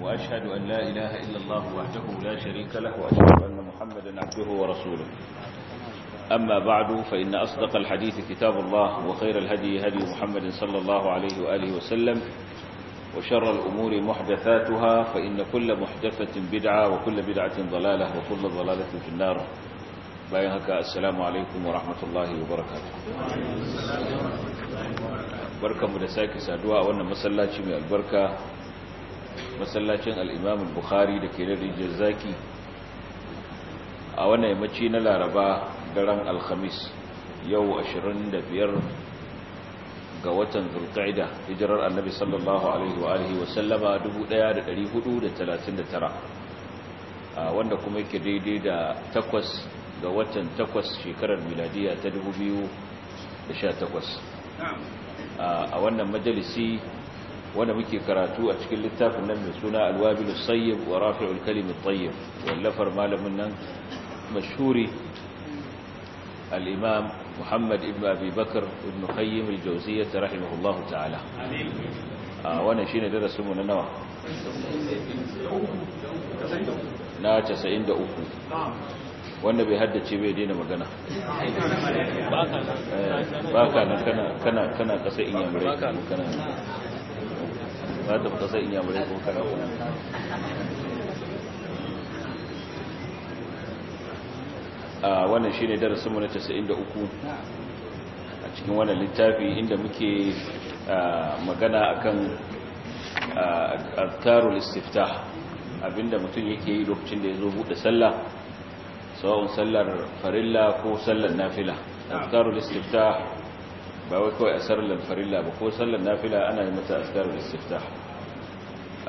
وأشهد أن لا إله إلا الله وحده لا شريك له وأشهد أن محمدا عبده ورسوله أما بعد فإن أصدق الحديث كتاب الله وخير الهدي هدي محمد صلى الله عليه وآله وسلم وشر الأمور محدثاتها فإن كل محدثة بدعة وكل بدعة ضلالة وكل ضلالة في النار بايهك السلام عليكم ورحمة الله وبركاته بركة مدساكسة سادوا وأن مسلاتي من البركة masallacin al'imamun bukhari da ke rijiyar zaki a wannan yammaci na laraba daren alhamis yau 25 ga watan zulqa'ida hijirar annabi sallallahu alaihi wa alihi wa sallama 1439 wanda kuma yake daidai da takwas ga watan takwas shekarar miladiya ta 2018 a wannan majalisi wanda muke karatu a cikin littafin nan mai suna alwabilu sayyib wa rafi'ul kalim at-tayyib wallafar malamin nan mashhuri al-imam Muhammad ibn Abi Bakr ibn Qayyim al-Jawziyyah rahimahullah ta'ala amin a wannan shine darasin mu na nawa na 93 wanda bai haddace bai daina magana eh, ba ka kana kana kasa in kana ka tafi sai in ko kuma a wannan shi ne darasinmu na 93 a cikin wannan littafi inda muke magana akan azkarul istiftah abinda mutum yake yi lokacin da ya zo buɗe sallah sawa'un sallar farilla ko sallar nafila azkarul istiftah ba wai kawai a sallar farilla ba ko sallar nafila ana yi mata azkarul istiftah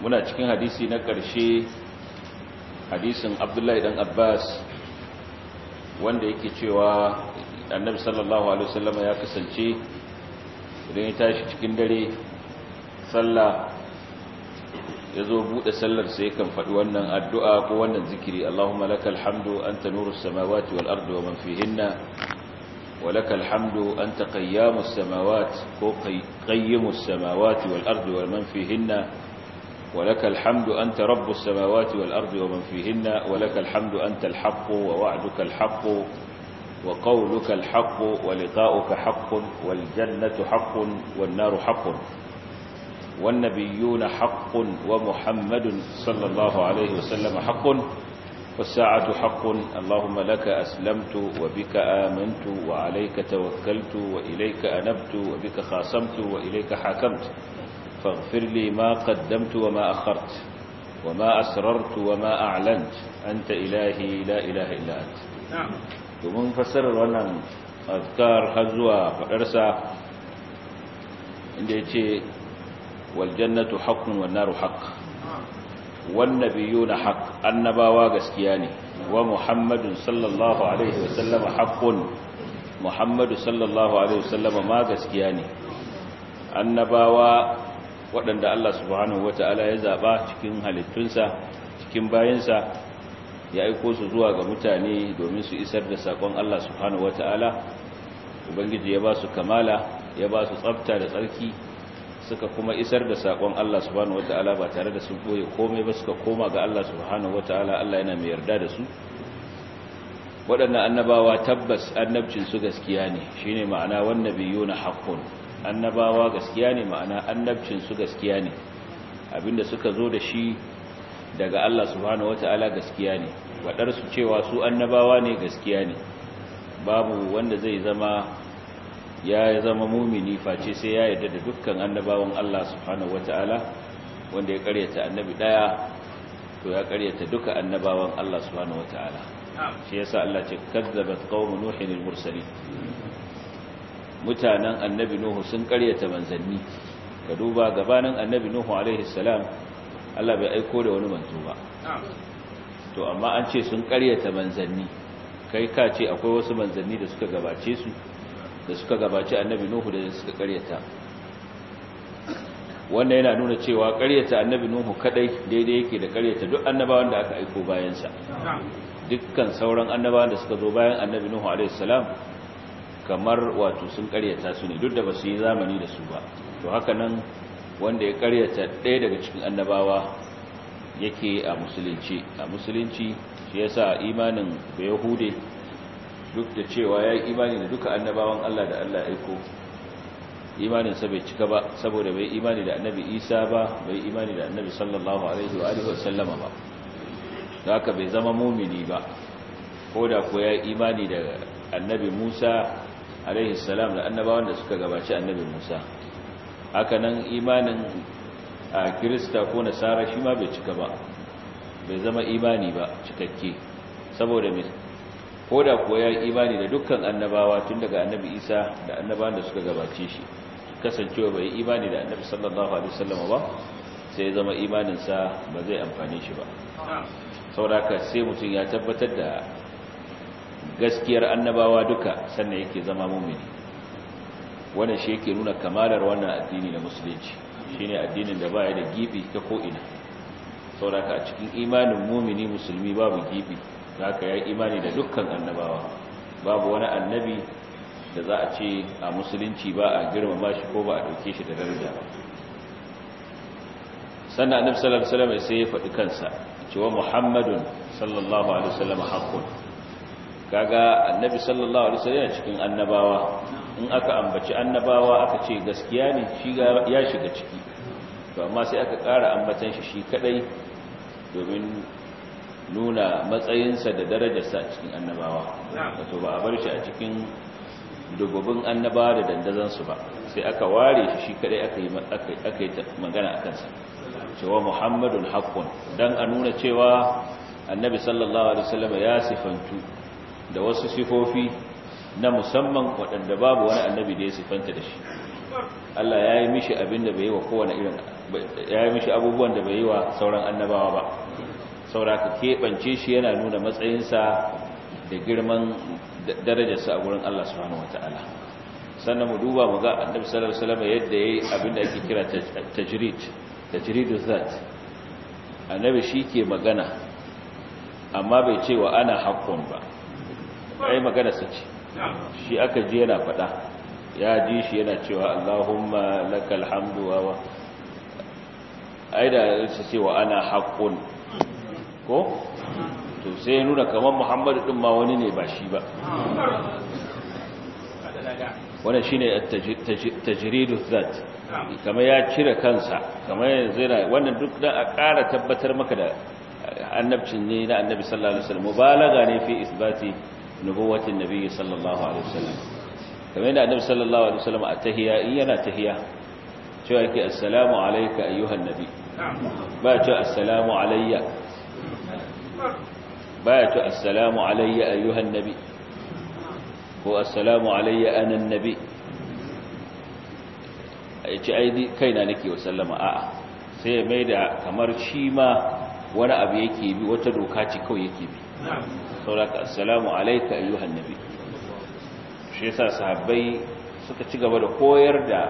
muna cikin hadisi na ƙarshe hadisin abdullahi dan abbas wanda yake cewa annabi sallallahu alaihi wasallam ya kasance idan ya tashi cikin dare sallah ya zo buɗe sallar sai kan faɗi wannan addu'a ko wannan zikiri Allahumma lakal hamdu ta nuru samawati wal ardu wa man hinna. ولك الحمد أنت قيام السماوات قيم السماوات والأرض ومن فيهن ولك الحمد أنت رب السماوات والأرض ومن فيهن ولك الحمد أنت الحق ووعدك الحق وقولك الحق ولقاؤك حق والجنة حق والنار حق والنبيون حق ومحمد صلى الله عليه وسلم حق والساعة حق اللهم لك أسلمت وبك آمنت وعليك توكلت وإليك أنبت وبك خاصمت وإليك حاكمت فاغفر لي ما قدمت وما أخرت وما أسررت وما أعلنت أنت إلهي لا إله إلا أنت نعم ومن فسر وانا أذكار هزوى فأرسى عندما والجنة حق والنار حق wannabiyuna haqq annabawa gaskiya ne wa muhammadun sallallahu alaihi wasallam haqqun muhammadu sallallahu alaihi wasallam ma gaskiya ne annabawa waɗanda Allah subhanahu wata'ala ya zaba cikin halittunsa cikin bayansa ya aiko su zuwa ga mutane domin su isar da sakon Allah subhanahu wata'ala ubangiji ya ba su kamala ya ba su tsafta da tsarki suka kuma isar da sakon Allah subhanahu wataala ba tare da sun boye komai ba suka koma ga Allah subhanahu wataala Allah yana mai yarda da su waɗannan annabawa tabbas annabcin su gaskiya ne shine ma'ana wannabiyuna haqqun annabawa gaskiya ne ma'ana annabcin su gaskiya ne abinda suka zo da shi daga Allah subhanahu wataala gaskiya ne wadar su cewa su annabawa ne gaskiya ne babu wanda zai zama ya zama mumini face sai ya yarda da dukkan annabawan Allah subhanahu wataala wanda ya karyata annabi daya to ya karyata duka annabawan Allah subhanahu wataala shi yasa Allah ce kazzabat qaumun nuhin al mutanen annabi nuhu sun karyata manzanni ka duba gabanin annabi nuhu alaihi salam Allah bai aiko da wani manzo ba to amma an ce sun karyata manzanni kai ka ce akwai wasu manzanni da suka gabace su da suka gabaci annabi nuhu da suka karyata wannan yana nuna cewa karyata annabi nuhu kadai daidai yake da karyata duk annabawan da aka aiko bayansa dukkan sauran annabawan da suka zo bayan annabi nuhu alaihi salam kamar wato sun karyata su ne duk da basu yi zamani da su ba to haka nan wanda ya karyata ɗaya daga cikin annabawa yake a musulunci a musulunci shi yasa imanin bayahude duk da cewa ya yi imani da duka annabawan Allah da Allah aiko imaninsa bai cika ba saboda bai imani da annabi isa ba bai imani da annabi sallallahu alaihi wa alihi wasallama ba da haka bai zama mumini ba ko da ko ya yi imani da annabi musa alaihi salam da annabawan da suka gabaci annabi musa haka nan imanin a kirista ko nasara shi ma bai cika ba bai zama imani ba cikakke saboda ko da kuwa ya yi imani da dukkan annabawa tun daga annabi isa da annabawan da suka gabace shi kasancewa bai yi imani da annabi sallallahu alaihi wasallam ba sai ya zama imaninsa ba zai amfani shi ba sauraka sai mutum ya tabbatar da gaskiyar annabawa duka sannan yake zama mumini wannan shi yake nuna kamalar wannan addini na musulunci shine addinin da baya da gibi ta ko'ina sauraka a cikin imanin mumini musulmi babu gibi za ya yi imani da dukkan annabawa babu wani annabi da za a ce a musulunci ba a girmama shi ko ba a ɗauke shi da daraja ba sannan annabi sallallahu alaihi wasallam sai ya faɗi kansa cewa muhammadun sallallahu alaihi wasallam haqqun kaga annabi sallallahu alaihi wasallam cikin annabawa in aka ambaci annabawa aka ce gaskiya ne shi ya shiga ciki to amma sai aka ƙara ambatan shi shi kadai domin nuna matsayinsa da darajarsa a cikin annabawa wato ba a bar shi a cikin dubobin annabawa da dandazansu ba sai aka ware shi shi kadai aka yi magana a kansa cewa muhammadun haƙƙun don a nuna cewa annabi sallallahu alaihi wasallam ya sifantu da wasu sifofi na musamman waɗanda babu wani annabi da ya sifanta da shi Allah ya yi mishi abin da bai yi wa kowane irin ya yi mishi abubuwan da bai yi wa sauran annabawa ba sauraka keɓance shi yana nuna matsayinsa da girman darajarsa a wurin Allah subhanahu ta'ala sannan mu duba mu ga annabi sallallahu alaihi wasallam yadda yayi abin da ake kira tajrid tajridu zat annabi shi ke magana amma bai ce wa ana haqqun ba ai magana sa ce shi aka ji yana faɗa ya ji shi yana cewa Allahumma lakal hamdu wa ai da ce wa ana haqqun ko to sai ya nuna kamar muhammadu ɗin ma wani ne ba shi ba wannan shine tajridu zat kamar ya cire kansa kamar yanzu wannan duk da a ƙara tabbatar maka da annabcin ne na annabi sallallahu alaihi wasallam mubalaga ne fi isbati nubuwatin nabi sallallahu alaihi wasallam kamar yadda annabi sallallahu alaihi wasallam a tahiyya yana tahiya cewa yake assalamu alayka ayyuhan nabi ba cewa assalamu alayya baya to assalamu alayya ayyuhan nabi ko assalamu alayya ana nabi a ci aidi kaina nake wa sallama a'a sai ya mai da kamar shi ma wani abu yake bi wata doka ce kawai yake bi sauraka assalamu alayka ayyuhan nabi shi yasa sahabbai suka ci gaba da koyar da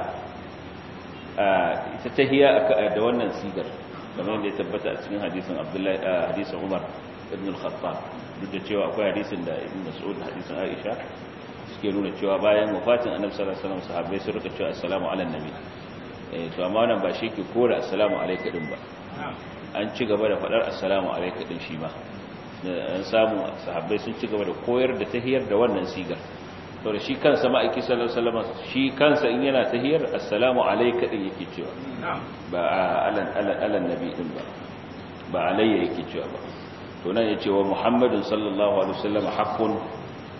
ita tahiya da wannan sigar kamar yadda ya tabbata a cikin hadisin abdullahi hadisin umar ibn al-khattab duk da cewa akwai hadisin da ibn mas'ud da hadisin aisha suke nuna cewa bayan wafatin annabi sallallahu alaihi wasallam sahabbai sun rika cewa assalamu ala nabi eh to amma wannan ba shi ke kora assalamu alayka din ba an ci gaba da fadar assalamu alayka din shi ma eh, an samu sahabbai sun ci gaba da koyar da tahiyar da wannan sigar to shi kansa ma'aiki sallallahu alaihi wasallam shi kansa in yana tahiyar assalamu alayka din yake cewa ba alan alan alan nabi din ba ba alayya yake cewa ba to nan yace wa muhammadin sallallahu alaihi wasallam haqqun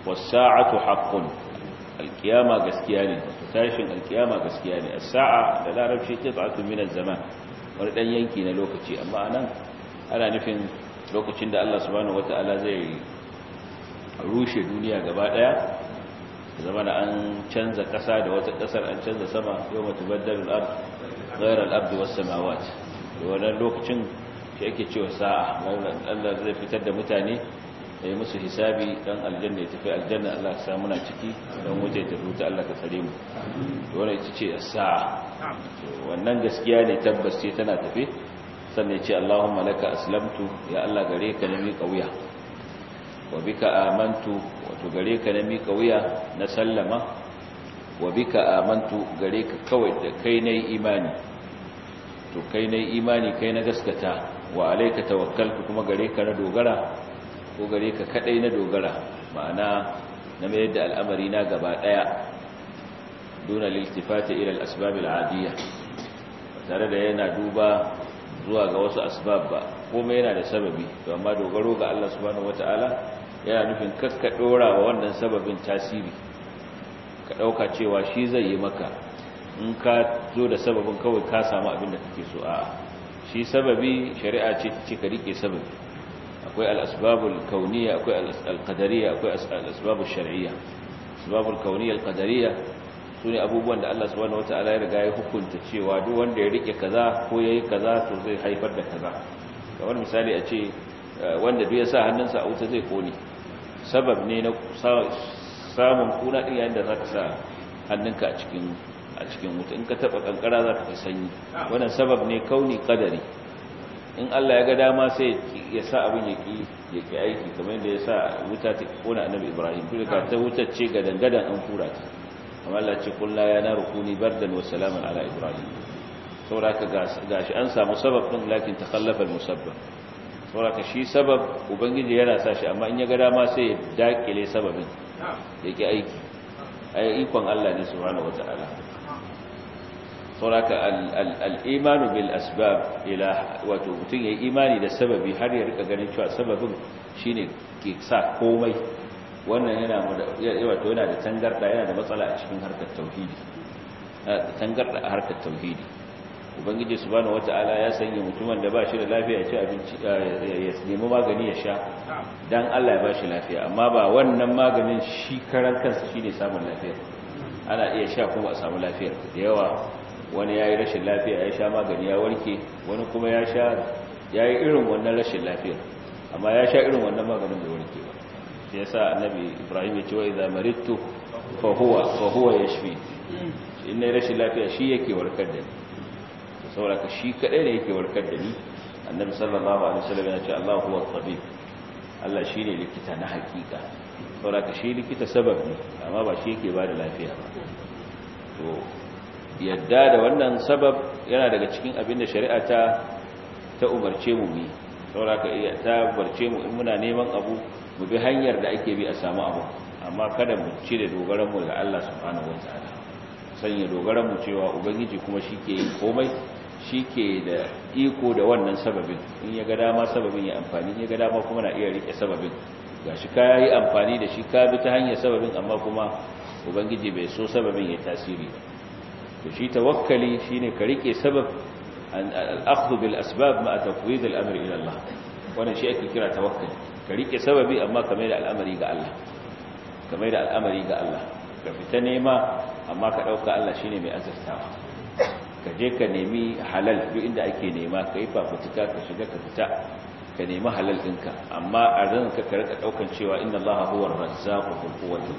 was-sa'atu haqqun alkiyama gaskiya ne tashin alkiyama gaskiya ne as-sa'a da larabci qit'atun min az-zaman wani dan yanki na lokaci amma anan ana nufin lokacin da Allah subhanahu wata'ala zai rushe duniya gaba daya zama da an canza ƙasa da wata ƙasar an canza sama yau mata baddalin ghairar abdi wasu samawat da wannan lokacin shi ake cewa sa'a allah zai fitar da mutane da yi musu hisabi don aljanna ya tafi aljanna allah sa muna ciki don wuce ta ruta allah ka tsare mu wannan ita ce sa'a wannan gaskiya ne tabbas ce tana tafi sannan ya ce allahumma laka aslamtu ya allah gare ka na miƙa wuya wa bika amantu to gare ka na mika wuya na sallama wa bika amantu gare ka kawai da kai na imani to kai na imani kai na gaskata wa alaika tawakkaltu kuma gare ka na dogara ko gare ka kadai na dogara ma'ana na mayar da al'amari na gaba daya duna liltifati ila al-asbab al-adiyya tare da yana duba zuwa ga wasu asbab ba komai yana da sababi to amma dogaro ga Allah subhanahu wataala yana nufin kakka dora wa wannan sababin tasiri ka dauka cewa shi zai yi maka in ka zo da sababin kawai ka samu abin da kake so a shi sababi shari'a ce ce ka rike sababi akwai al-asbabul kauniyya akwai al-qadariyya akwai al-asbabul shar'iyya asbabul kauniyya al-qadariyya sune abubuwan da Allah subhanahu wataala ya riga ya hukunta cewa duk wanda ya rike kaza ko yayi kaza to zai haifar da kaza kamar misali a ce eh, wanda duk ya sa hannunsa a wuta zai kone sabab ne na samun kuna ɗin yayin da za ka sa hannunka a cikin a wuta in ka taba kankara za ka sanyi wannan sabab ne kauni kadari in Allah ya ga dama sai ya sa abin ya yaki aiki kamar yadda ya sa wuta ta kona annabi Ibrahim kuma ka ta wutar ce ga dangadan an kura ta amma Allah ce kullu ya naru kuni bardan wa salaman ala Ibrahim saboda ka gashi an samu sabab din lakin takallafa al-musabbab saboda shi sabab ubangiji yana sa shi amma in ya ga dama sai ya dakile sababin yake aiki ai ikon Allah ne subhanahu wataala saboda al-imanu bil asbab ila wato mutun yayi imani da sababi har ya rika ganin cewa sababin shine ke sa komai wannan yana wato yana da tangarda yana da matsala a cikin harkar tauhidi tangarda a harkar tauhidi ubangiji subhanahu wata'ala ya sanya mutumin da ba shi da lafiya ya ci abinci ya nemi magani ya sha dan Allah ya ba shi lafiya amma ba wannan maganin shi karan kansa shine samun lafiya ana iya sha kuma a samu lafiya da yawa wani yayi rashin lafiya ya sha magani ya warke wani kuma ya sha yayi irin wannan rashin lafiya amma ya sha irin wannan maganin da warke ba shi yasa annabi Ibrahim ya ce wa idza maridtu fa huwa fa huwa yashfi in rashin lafiya shi yake warkar da ni saboda ka shi kadai ne yake warkar da ni annabi sallallahu alaihi wasallam ya ce Allahu huwa tabib Allah shine likita na hakika saboda ka shi likita sabab ne amma ba shi yake ba da lafiya ba to yadda da wannan sabab yana daga cikin abin da shari'a ta ta umarce mu bi saboda ka ta umarce mu in muna neman abu mu bi hanyar da ake bi a samu abu amma kada mu cire dogaran mu ga Allah subhanahu wataala sanya dogaran mu cewa ubangiji kuma shi ke yin komai shi ke da iko da wannan sababin in ya ga dama sababin ya amfani ya ga dama kuma na iya rike sababin ga shi ka yi amfani da shi ka bi ta hanyar sababin amma kuma ubangiji bai so sababin ya tasiri ba to shi tawakkali shine ka rike sabab al-akhdhu bil asbab ma tafwid al-amr ila Allah wannan shi ake kira tawakkali ka rike sababi amma ka mai da al'amari ga Allah ka mai da al'amari ga Allah ka fita nema amma ka dauka Allah shine mai azurtawa ka je ka nemi halal duk inda ake nema ka yi fafutuka ka shiga ka fita ka nemi halal ɗinka amma a ranka ka rika ɗaukan cewa inna allaha huwa razzaqu dhul quwwati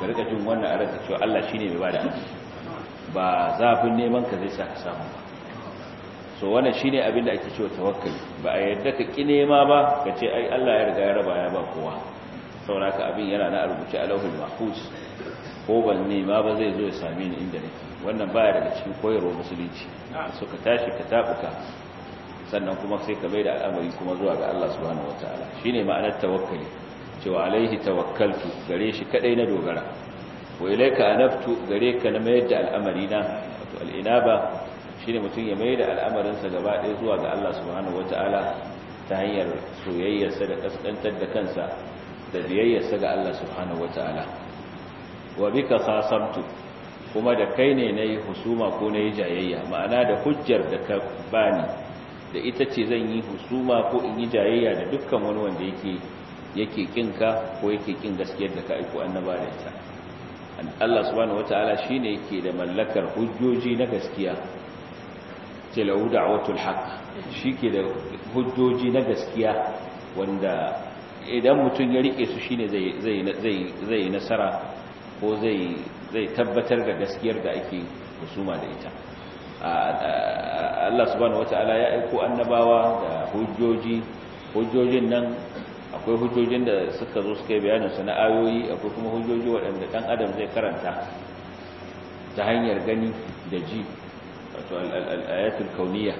ka rika jin wannan a raka cewa Allah ne mai bada arziki ba zafin neman ka zai sa ka samu ba so wannan shine abin da ake cewa tawakkali ba a yadda ka ki nema ba ka ce ai Allah ya riga ya raba ya ba kowa saboda abin yana na rubuce a lauhul mahfuz ko ban nema ba zai zo ya same ni inda nake wannan baya daga cikin koyarwa musulunci so ka tashi ka tabuka sannan kuma sai ka maida al'amari kuma zuwa ga Allah subhanahu wataala shine ma'anar tawakkali cewa alaihi tawakkaltu gare shi kadai na dogara wa ilayka anabtu gare ka na mayar da al'amari na wato al'inaba shine mutum ya maida al'amarin sa gaba ɗaya zuwa ga Allah subhanahu wataala ta hanyar soyayyarsa da kaskantar da kansa da biyayyarsa ga Allah subhanahu wataala wa bika khasamtu kuma da kai ne nayi husuma ko nayi jayayya ma'ana da hujjar da ka bani da ita ce zan yi husuma ko in yi jayayya da dukkan wani wanda yake yake kinka ko yake kin gaskiyar da ka aiko annaba da ita Allah subhanahu wataala shine yake da mallakar hujjoji na gaskiya ce lahu da'watul haqq shike da hujjoji na gaskiya wanda idan mutum ya rike su shine zai zai zai nasara ko zai tabbatar da gaskiyar da ake musuma da ita Allah subhanahu wata'ala ya aiko annabawa da hujjoji hujjojin nan akwai hujjojin da suka zo suka yi bayanin su na ayoyi akwai kuma hujjoji waɗanda ɗan adam zai karanta ta hanyar gani da ji wato al'ayatul kauniya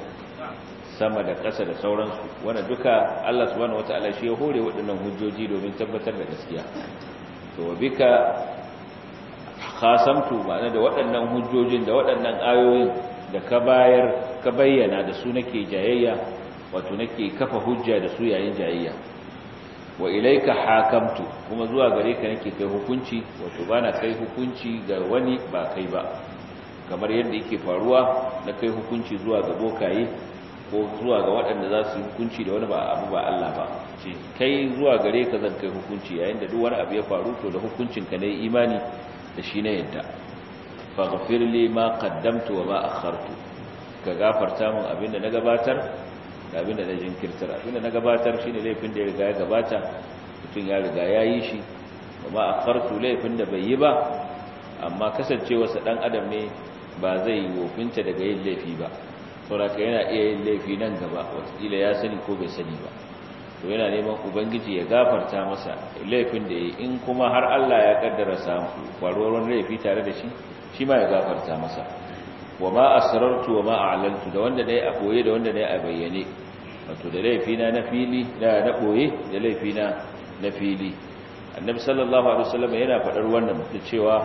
sama da ƙasa da sauransu wanda duka Allah subhanahu wata'ala shi ya hore waɗannan hujjoji domin tabbatar da gaskiya to bika ba ma'ana da waɗannan hujjojin da waɗannan ayoyin da ka bayar ka bayyana da su nake jayayya wato nake kafa hujja da su yayin jayayya wa ilaika hakamtu kuma zuwa gare ka nake kai hukunci wato bana kai hukunci ga wani ba kai ba kamar yadda yake faruwa na kai hukunci zuwa ga bokaye ko zuwa ga waɗanda za su hukunci da wani ba abu ba Allah ba kai zuwa gare ka zan kai hukunci yayin da duk wani abu ya faru to da hukuncin ka ne imani da shi na yadda faghfir li ma qaddamtu wa ma akhartu ka gafarta min abinda na gabatar da abinda na jinkirtar abinda na gabatar shine laifin da ya riga ya gabata mutum ya riga ya yi shi wa ma akhartu laifin da bai yi ba amma kasancewarsa ɗan adam ne ba zai yi wofinta daga yin laifi ba saboda yana iya yin laifi nan gaba wataƙila ya sani ko bai sani ba to yana neman ubangiji ya gafarta masa laifin da yi in kuma har Allah ya kaddara samu faruwar laifi tare da shi shi ma ya gafarta masa wa ma asrartu wa ma a'lantu da wanda dai a koye da wanda dai a bayyane wato da laifi na na fili da na koye da laifi na na fili annabi sallallahu alaihi wasallam yana faɗar wannan da cewa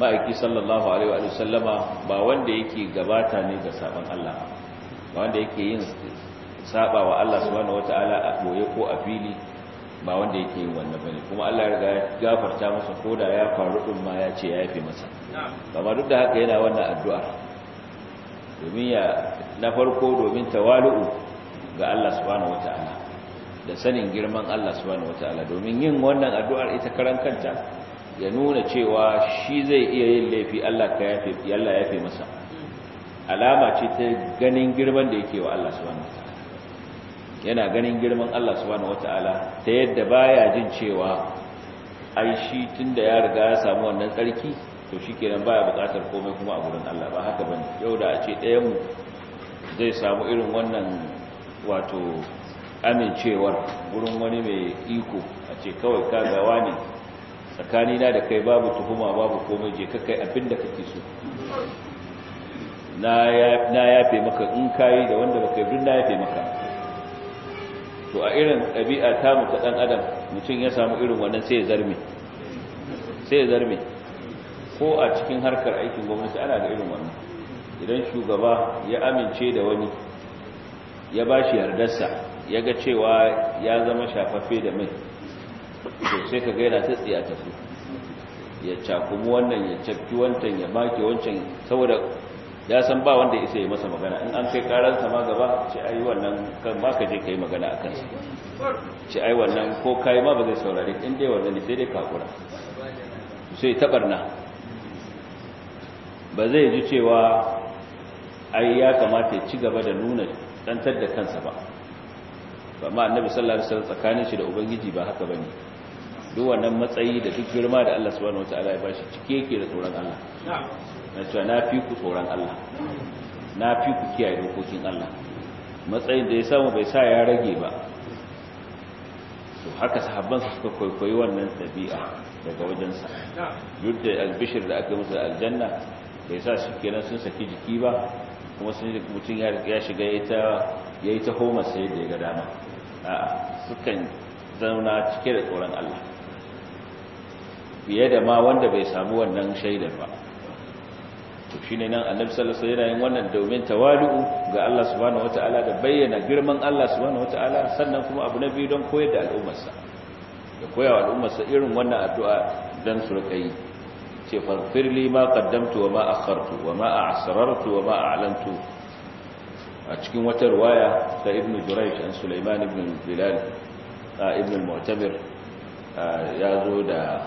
ma'aiki sallallahu alaihi wasallama ba wanda yake gabata ne ga sabon Allah ba wanda yake yin saba wa Allah subhanahu wataala a boye ko a fili ba wanda yake yin wannan bane kuma Allah ya riga gafarta masa koda ya faru din ma ya ce ya yafe masa amma duk da haka yana wannan addu'a domin ya na farko domin tawalu'u ga Allah subhanahu wataala da sanin girman Allah subhanahu wataala domin yin wannan addu'ar ita karan kanta ya nuna cewa shi zai iya yin laifi Allah ka yafe Allah yafe masa hmm. alama ce ta ganin girman da yake wa Allah subhanahu wataala yana ganin girman Allah subhanahu wataala ta yadda baya jin cewa ai shi tunda ya riga ya samu wannan tsarki to shi shikenan baya buƙatar komai kuma a gurin Allah ba haka bane yau da a ce ɗayan mu zai samu irin wannan wato amincewar gurin wani mai iko a ce kawai ka gawa ne tsakanina da kai babu tuhuma babu komai je ka kai abin da kake so na yafe maka in kayi da wanda baka yi na yafe maka to a irin ɗabi'a ta mu ta ɗan adam mutum ya samu irin wannan sai ya zarme sai ya ko a cikin harkar aikin gwamnati ana da irin wannan idan shugaba ya amince da wani ya ba shi yardarsa ya ga cewa ya zama shafaffe da mai to sai ka gaira ta tsiya ta su ya cakumi wannan ya cakki wancan ya make wancan saboda ya san ba wanda isa yi masa magana in an kai karansa ma gaba ce ayi wannan kan ma ka je ka yi magana a kansa ce ayi wannan ko ka yi ma ba zai saurari in dai wannan ne sai dai kakura sai tabarna ba zai ji cewa ai ya kamata ya ci gaba da nuna ɗantar da kansa ba amma annabi sallallahu alaihi wasallam tsakanin shi da ubangiji ba haka bane duk wannan matsayi da duk girma da Allah subhanahu wataala ya bashi cike yake da tsoron Allah na cewa na fi ku tsoron Allah na fi ku kiyaye dokokin Allah matsayin da ya samu bai sa ya rage ba to haka sahabban su suka kwaikwayi wannan dabi'a daga wajensa duk da albishir da aka musu aljanna bai sa shi kenan sun saki jiki ba kuma sun mutum ya shiga ya yi ta homa sai da ya ga dama a'a sukan zauna cike da tsoron Allah fiye da ma wanda bai samu wannan shaidar ba to shine nan annabi sallallahu alaihi wasallam wannan domin tawali'u ga Allah subhanahu wataala da bayyana girman Allah subhanahu wataala sannan kuma abu na biyu don koyar da al'ummarsa da koyawa al'ummarsa irin wannan addu'a dan su rika yi ce farfirli ma qaddamtu wa ma akhartu wa ma a'sarartu wa ma a'lantu a cikin wata riwaya ta ibn Jurayj an Sulaiman ibn Bilal a ibn al-Mu'tamir ya zo da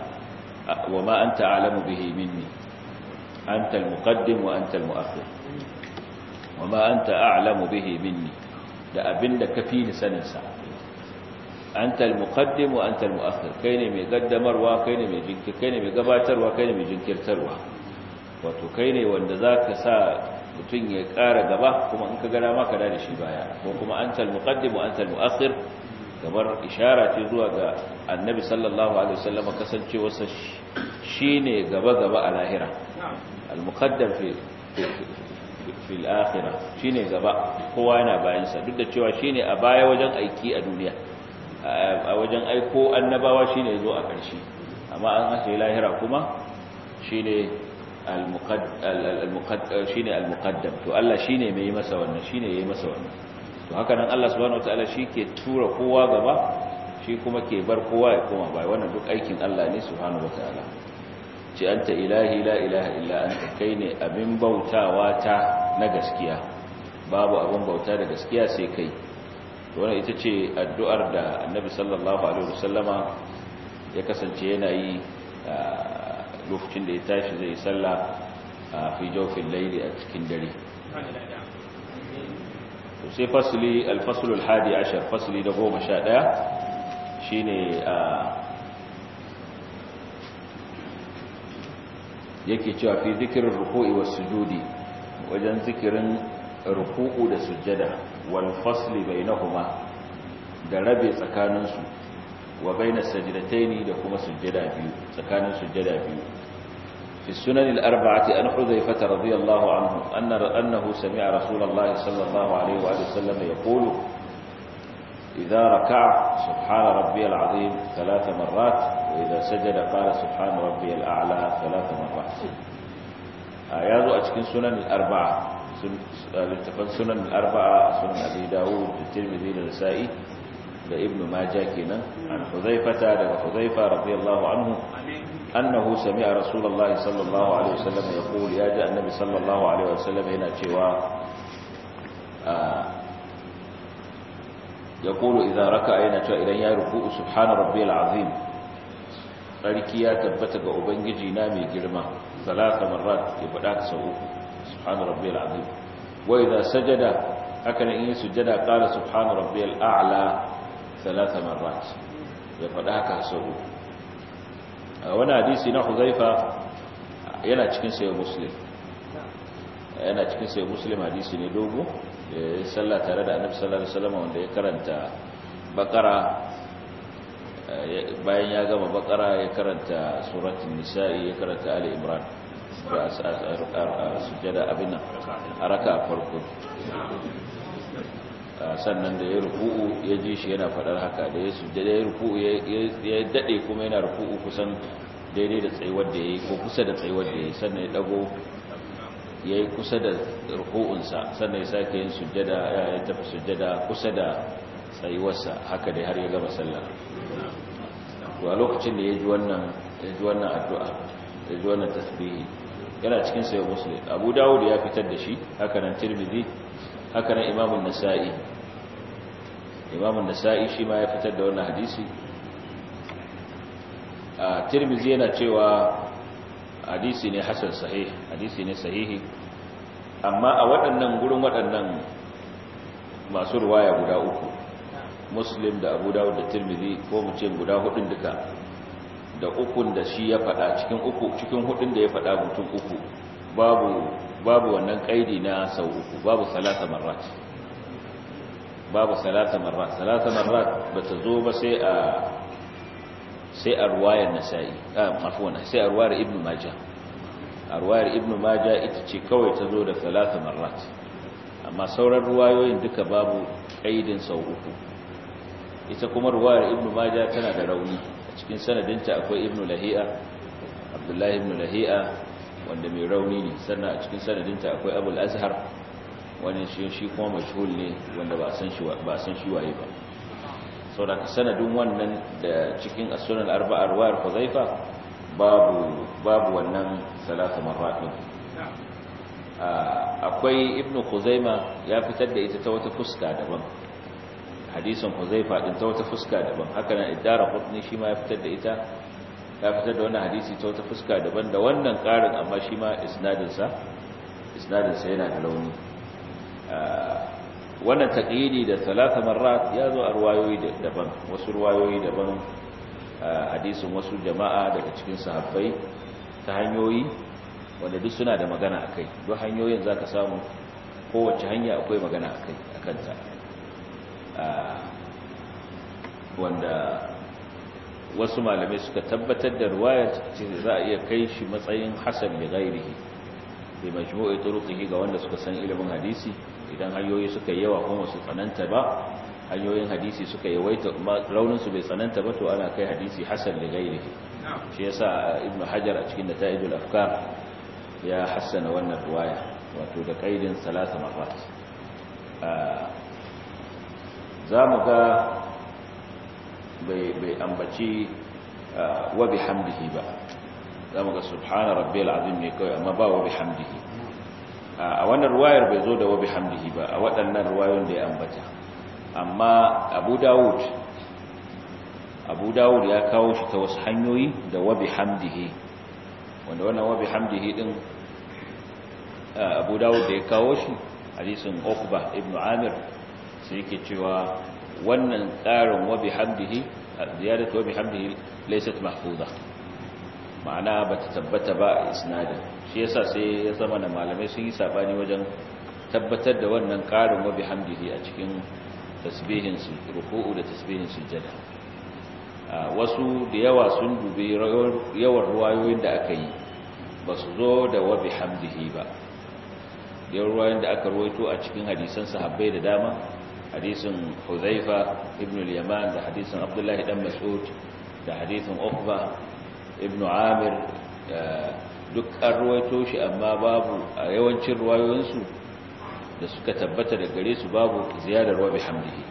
wa ma anta a'lamu bihi minni anta al-muqaddim wa anta al-mu'akhir wa ma anta a'lamu bihi minni da abinda kafi ni sanin sa anta al-muqaddim wa anta al-mu'akhir kai ne mai gaddamarwa kai ne mai jinkir kai ne mai gabatarwa kai ne mai jinkirtarwa wato kai ne wanda zaka sa mutum ya kara gaba kuma in ka gara maka da baya ko kuma kamar ishara ce zuwa ga annabi sallallahu alaihi wasallam kasancewarsa shine gaba gaba a lahira al-muqaddam fi fil akhirah shine gaba kowa yana bayan sa duk da cewa shine a baya wajen aiki a duniya a wajen aiko annabawa shine zo a ƙarshe amma an ashe lahira kuma shine al-muqaddam shine al-muqaddam to Allah shine mai masa wannan shine yayi masa wannan to haka nan Allah subhanahu wataala shi ke tura kowa gaba shi kuma ke bar kowa ya koma bai wannan duk aikin Allah ne subhanahu wataala ce anta ilahi la ilaha illa anta kai ne abin bautawa ta na gaskiya babu abin bauta da gaskiya sai kai wannan ita ce addu'ar da annabi sallallahu alaihi wasallama ya kasance yana yi lokacin da ya tashi zai sallah a fi jawfin layli a cikin dare sai fasli alfaslul hadi ashar fasli da goma sha ɗaya shi ne yake cewa fi zikirin ruku'i wa sujudi wajen zikirin ruku'u da sujjada wal fasli bainahuma da rabe tsakaninsu wa bainas sajdataini da kuma sujjada biyu tsakanin sujjada biyu في السنن الأربعة أن حذيفة رضي الله عنه أن أنه سمع رسول الله صلى الله عليه وآله وسلم يقول إذا ركع سبحان ربي العظيم ثلاث مرات وإذا سجد قال سبحان ربي الأعلى ثلاث مرات آيات أتكن سنن الأربعة لتفن سنن الأربعة سنن أبي داود الترمذي النسائي لابن ماجاكينا عن حذيفة رضي الله عنه annahu sami'a rasulullahi ya ji annabi sallallahu alaihi wasallam yana cewa yaqulu idza raka'a yana cewa idan ya ruku'u subhana rabbiyal azim sarki ya tabbata ga ubangiji na mai girma salasa marrat ya faɗa ta sau subhana rabbiyal azim wa idza sajada haka ne in yi sujada qala subhana ya faɗa ka wani hadisi na huzaifa yana cikin sayo muslim yana cikin sayo muslim hadisi ne dogo ya salla tare da annabi sallallahu alaihi wasallam wanda ya karanta bakara bayan ya gama bakara ya karanta suratul nisa'i ya karanta ali imran sujada abin a raka farko sannan da ya ruku'u ya ji shi yana faɗar haka da ya sujjada ya ruku'u ya daɗe kuma yana ruku'u kusan daidai da tsayuwar da ya yi ko kusa da tsayuwar da ya yi sannan ya ɗago ya yi kusa da ruku'unsa sannan ya sake yin sujjada ya tafi sujjada kusa da tsayuwarsa haka dai har ya gama sallah to a lokacin da ya ji wannan ya ji wannan addu'a ya ji wannan tasbihi yana cikin sayo muslim abu dawud ya fitar da shi haka nan tirmidhi haka nan imamun nasa'i imamun nasa'i shi ma ya fitar da wannan hadisi a tirmizi yana cewa hadisi ne hasan sahih hadisi ne sahihi amma a waɗannan gurin waɗannan masu ruwaya guda uku muslim da abu dawud da tirmizi ko mu ce guda hudun duka da ukun da shi ya faɗa cikin uku cikin hudun da ya faɗa mutum uku babu babu wannan kaidi na sau uku babu salata marrat babu salata marrat salata marrat ta zo ba sai a sai a ruwayar nasa'i a mafuna sai a ruwayar ibnu Maja. a ruwayar ibnu Maja ita ce kawai ta zo da salata marrat amma sauran ruwayoyin duka babu kaidin sau uku ita kuma ruwayar ibnu Maja tana da rauni a cikin sanadinta akwai ibnu lahi'a abdullahi ibnu lahi'a wanda mai rauni ne sannan a cikin sanadinta akwai abu azhar wani shi kuma mashhul ne wanda ba san shi san shi waye ba saboda sanadin wannan da cikin as arba'ar wayar riwayar Huzaifa babu babu wannan salatu marrat akwai ibnu Khuzaima ya fitar da ita ta wata fuska daban hadisin Huzaifa din ta wata fuska daban haka nan Iddara Qutni shi ma ya fitar da ita ta fitar da wannan hadisi ta wata fuska daban da wannan ƙarin amma shi ma isnadinsa isnadinsa yana da launi ah, wannan taƙidi da talata marat ya zo a ruwayoyi daban wasu ruwayoyi daban ah, hadisin wasu jama'a daga cikin sahabbai ta hanyoyi wanda duk suna da magana a kai duk hanyoyin za ka samu kowace hanya akwai magana a kai a kanta ah, wanda wasu malamai suka tabbatar da ruwayar cikin za a iya kai shi matsayin hasan da gairihi da majmu'i turuqihi ga wanda suka san ilimin hadisi idan hanyoyi suka yawa kuma su tsananta ba hanyoyin hadisi suka yawaita kuma raunin su bai tsananta ba to ana kai hadisi hasan da gairihi shi yasa ibnu hajar a cikin nata'ijul afkar ya hassana wannan ruwaya wato da kaidin salasa mafat ah, za mu ga bai ambaci wa bihamdihi ba za mu ga subhana rabbil azim ne kawai amma ba wa bihamdihi a wannan ruwayar bai zo da wa bihamdihi ba a waɗannan ruwayoyin da ya ambata amma abu dawud abu dawud ya kawo shi ta wasu hanyoyi da wa bihamdihi wanda wannan wa bihamdihi din abu dawud da ya kawo shi hadisin uqba ibn amir sai yake cewa wannan tsarin wa bihamdihi ziyadatu wa bihamdihi laysat mahfuza ma'ana bata tabbata ba a isnadin shi yasa sai ya zama da malamai sun yi sabani wajen tabbatar da wannan ƙarin wa bihamdihi a cikin tasbihin su ruku'u da tasbihin jada wasu da yawa sun dubi yawan ruwayoyin da aka yi ba su zo da wa bihamdihi ba yawan ruwayoyin da aka ruwaito a cikin hadisan sahabbai da dama hadisin huzaifa ibn al-yaman da hadisin abdullahi dan mas'ud da hadisin uqba ibn amir duk an ruwaito shi amma babu a yawancin ruwayoyinsu da suka tabbata da gare su babu ziyadar wa bihamdihi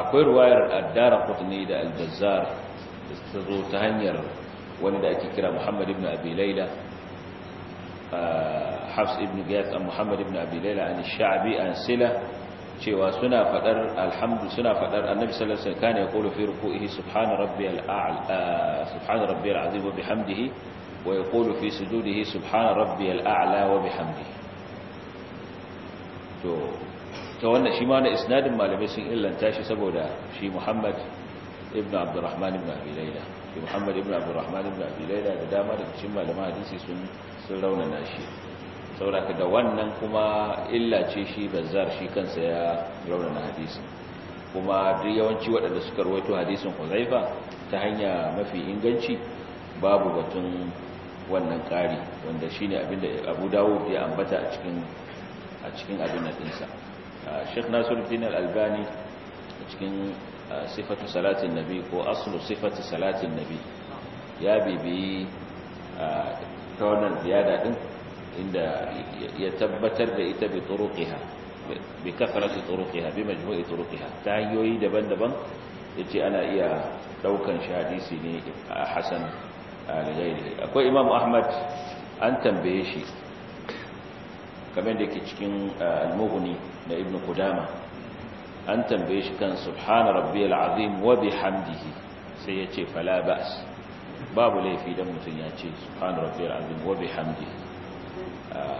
akwai ruwayar addara qutni da al-bazzar da zo ta hanyar wanda ake kira muhammad ibn abi laila حفص ابن قياس عن محمد ابن أبي ليلى عن الشعبي عن سلة شوى سنة فدر الحمد سنة فدر النبي صلى الله عليه وسلم كان يقول في ركوئه سبحان ربي الأعلى آه، سبحان ربي العظيم وبحمده ويقول في سجوده سبحان ربي الأعلى وبحمده تو وانا شي معنى اسناد ما لم يسن الا انتاشي سبو شي محمد ابن عبد الرحمن ابن ابي ليلى محمد ابن عبد الرحمن ابن ابي ليلى دا دامر شي ما لم حديثي سن سن رونا ناشي sauraka da wannan kuma illa ce shi bazar shi kansa ya raunana hadisin kuma duk yawanci waɗanda suka rawaito hadisin huzaifa ta hanya mafi inganci babu batun wannan ƙari wanda shi ne abinda abu dawo ya ambata a cikin abin na ɗinsa sheikh nasiruddin albani a cikin sifatu salatin nabi ko aslu sifatu salatin nabi ya bibiyi ta wannan ziyada ɗin إلا يتبت بيت بطرقها بكثرة طرقها بمجموع طرقها تعيوي دبن دبن يتي أنا إيا لو كان شادي سيني حسن لغيره أكو إمام أحمد أنت بيشي كمان ديك تشكين آه، المغني لابن قدامة أنت بيشي كان سبحان ربي العظيم وبحمده سيتي فلا بأس باب لي في دم تنياتي سبحان ربي العظيم وبحمده Ah,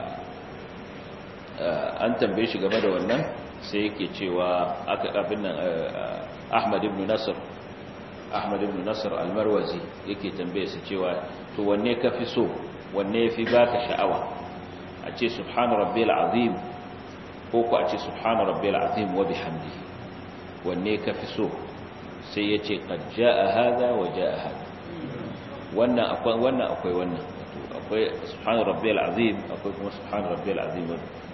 ah, an tambaye shi game da wannan sai yake cewa aka abin nan ah, Ahmad ibn Nasr Ahmad ibn Nasr al-Marwazi yake tambaye su cewa to wanne ka so wanne yafi baka sha'awa a ce subhana rabbil azim ko ko a ce subhana rabbil azim wa bihamdihi wanne ka fi so sai yace qad jaa hadha wa jaa hada wannan akwai wannan akwai wannan akwai subhanu rabbiyal azim akwai kuma subhanu rabbiyal azim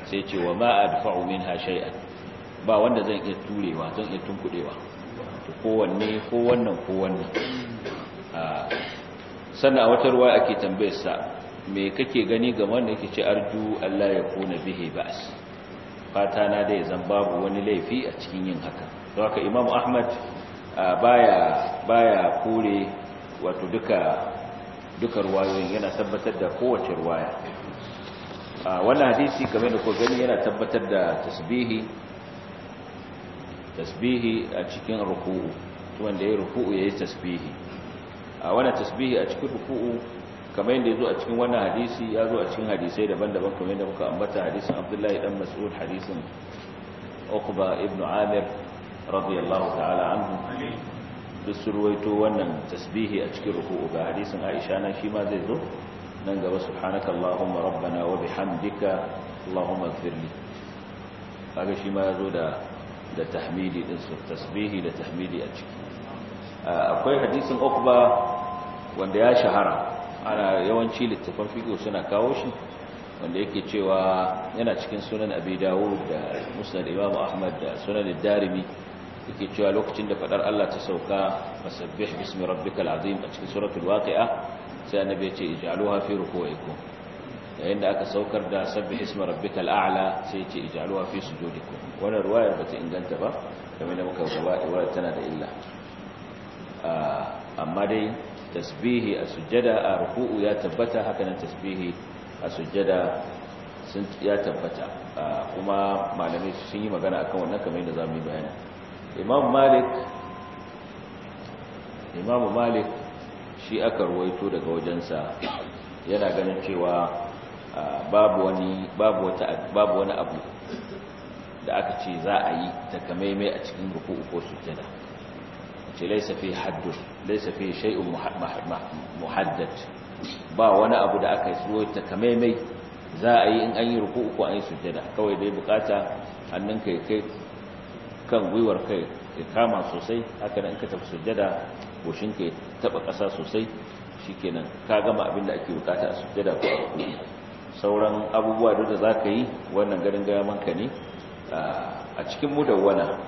sai ce wa ma adfa'u minha shay'an ba wanda zan iya turewa zan iya tunkudewa to kowanne ko wannan ko wannan ah, sannan a wata ruwa ake tambayar sa me kake gani ga wanda yake ce arju Allah ya kuna bihi ba'as fata na da zan babu wani laifi a cikin yin haka don haka Imam Ahmad ah, baya baya kore wato duka duka ruwayoyin yana tabbatar da kowace ruwaya a wannan hadisi kamar da ko gani yana tabbatar da tasbihi tasbihi a cikin ruku'u to wanda yayi ruku'u yayi tasbihi a wannan tasbihi a cikin ruku'u kamar yadda yazo a cikin wannan hadisi yazo a cikin hadisai daban-daban kamar yadda muka ambata hadisin Abdullahi dan Mas'ud hadisin Uqba ibn Amir radiyallahu ta'ala anhu duk su ruwaito wannan tasbihi a cikin ruku'u ga hadisin Aisha na shi ma zai zo nan gaba subhanaka allahumma rabbana wa bihamdika allahumma ighfirli kaga shi ma yazo da da tahmidi din su tasbihi da tahmidi a ciki akwai hadisin ukba wanda ya shahara ana yawanci littafan fiqh suna kawo shi wanda yake cewa yana cikin sunan abi dawud da musnad imam ahmad da sunan ad-darimi yake cewa lokacin da fadar Allah ta sauka fasabbih bismi rabbikal azim a cikin suratul waqi'a sai annabi ya ce ij'aluha fi ruku'ikum yayin da aka saukar da sabbih ismi rabbikal a'la sai ya ce ij'aluha fi sujudikum wannan ruwayar bata inganta ba kamar da muka gaba ruwayar tana da illa amma dai tasbihi a sujjada a ruku'u ya tabbata haka nan tasbihi a sujjada sun ya tabbata kuma malamai sun yi magana akan wannan kamar yadda mu yi bayani imam malik imam malik shi aka ruwaito daga wajensa yana ganin cewa babu wani babu wata babu wani abu da aka ce za a yi takamaimai a cikin ruku ko sujjada ce laysa fi haddun laysa fi shay'un muhaddad ba wani abu da aka yi takamaimai za a yi in an yi ruku ko an yi sujjada kawai dai bukata hannunka ya kai kan gwiwar kai ya kama sosai haka nan ka tafi sujjada goshin ka taba ƙasa sosai shikenan ka gama abin da ake bukata a sujjada ko sauran abubuwa duk da zaka yi wannan garin gaya manka ne a cikin mudawwana